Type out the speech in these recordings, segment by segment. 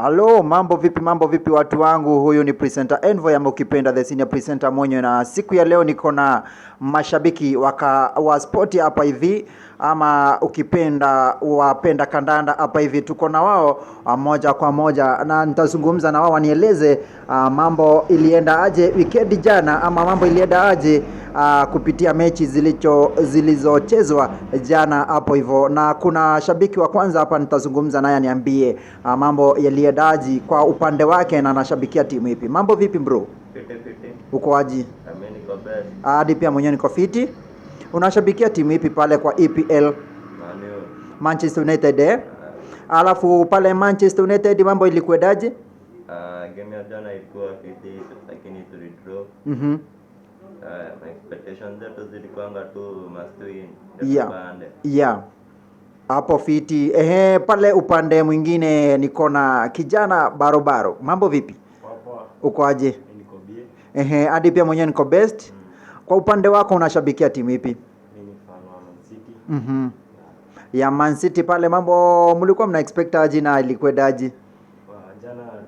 Halo, mambo vipi, mambo vipi watu wangu, huyu ni presenter Envoy ama ukipenda the senior presenter mwenye, na siku ya leo niko na mashabiki waka, wa sporti hapa hivi ama ukipenda wapenda kandanda hapa hivi, tuko na wao ah, moja kwa moja na nitazungumza na wao wanieleze uh, mambo ilienda aje wikendi jana ama mambo ilienda aje uh, kupitia mechi zilizochezwa jana hapo hivyo, na kuna shabiki wa kwanza hapa nitazungumza naye aniambie uh, mambo yaliyedaji kwa upande wake na anashabikia timu ipi. Mambo vipi bro? Uko aje? Ah, hadi pia mwenyewe niko fiti. Unashabikia timu ipi pale kwa EPL? Manchester United eh? Alafu pale Manchester United mambo ilikuendaje? Uh, game ya jana ilikuwa fiti lakini tulidraw. Mhm. Mm Uh, hapo fiti. Ehe, pale upande mwingine niko na kijana barobaro, mambo vipi? Uko aje? Ehe, hadi pia mwenyewe niko best. Mm. Kwa upande wako unashabikia timu ipi? mm -hmm. ya Man City pale, mambo mlikuwa mna expect aje na ilikuwa Jana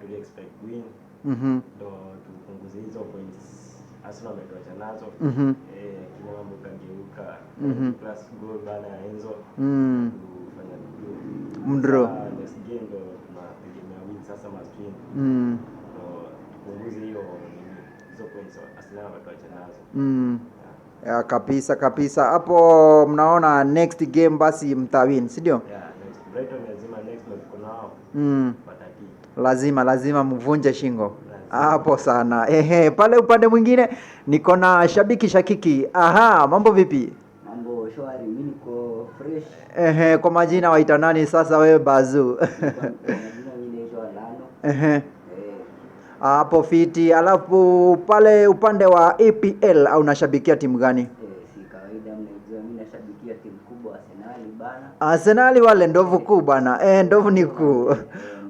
tuli expect win. mm -hmm. Arsenal wametuacha nazo mm -hmm. eh, mm -hmm. plus goal bana ya Enzo mm. kufanya mdro next ah, game ndo tunategemea win sasa must mm. ndo tupunguze hiyo hizo points Arsenal wametuacha nazo mm. Yeah, kabisa kabisa hapo, mnaona next game basi mtawin, si Yeah, lazima mm. Lazima lazima mvunje shingo hapo sana. Ehe, pale upande mwingine niko na shabiki Shakiki. Aha, mambo vipi? Mambo shwari, mimi niko fresh. Ehe, kwa majina waita nani sasa wewe bazu Ehe. Eh. Hapo fiti. Alafu pale upande wa EPL au unashabikia timu gani? Eh, Arsenali wale ndovu kuu bana. Eh, ndovu ni kuu. Eh.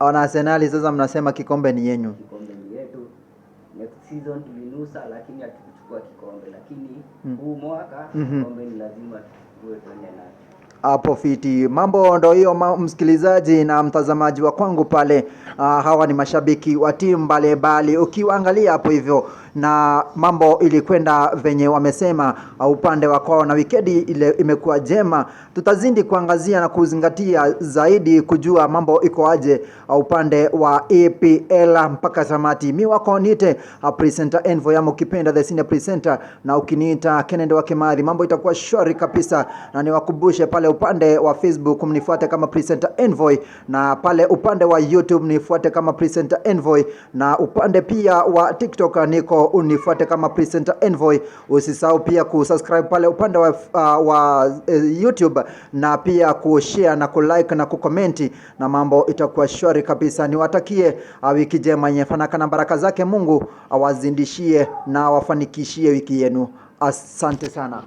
Wana Arsenal sasa mnasema kikombe ni yenyu. Kikombe ni yetu. Next season tulinusa lakini hatukuchukua kikombe lakini mm. huu mwaka mm -hmm. kikombe ni lazima tuwe kwenye nacho. Hapo fiti. Mambo ndo hiyo ma, msikilizaji na mtazamaji wa kwangu pale. Uh, hawa ni mashabiki wa timu mbalimbali. Ukiwaangalia hapo hivyo na mambo ilikwenda venye wamesema upande wa kwao, na wikendi ile imekuwa jema. Tutazidi kuangazia na kuzingatia zaidi kujua mambo iko aje upande wa EPL mpaka tamati. Mi wako nite presenter Envoy ama ukipenda the senior presenter, na ukiniita Kennedy wa Kimari, mambo itakuwa shwari kabisa, na niwakumbushe pale upande wa Facebook mnifuate kama presenter Envoy, na pale upande wa YouTube mnifuate kama presenter Envoy, na upande pia wa TikTok niko unifuate kama presenter Envoy. Usisahau pia kusubscribe pale upande wa, uh, wa uh, YouTube na pia kushare na kulike na kukomenti, na mambo itakuwa shwari kabisa. Niwatakie uh, wiki njema yenye fanaka na baraka zake Mungu awazindishie na awafanikishie wiki yenu. Asante sana.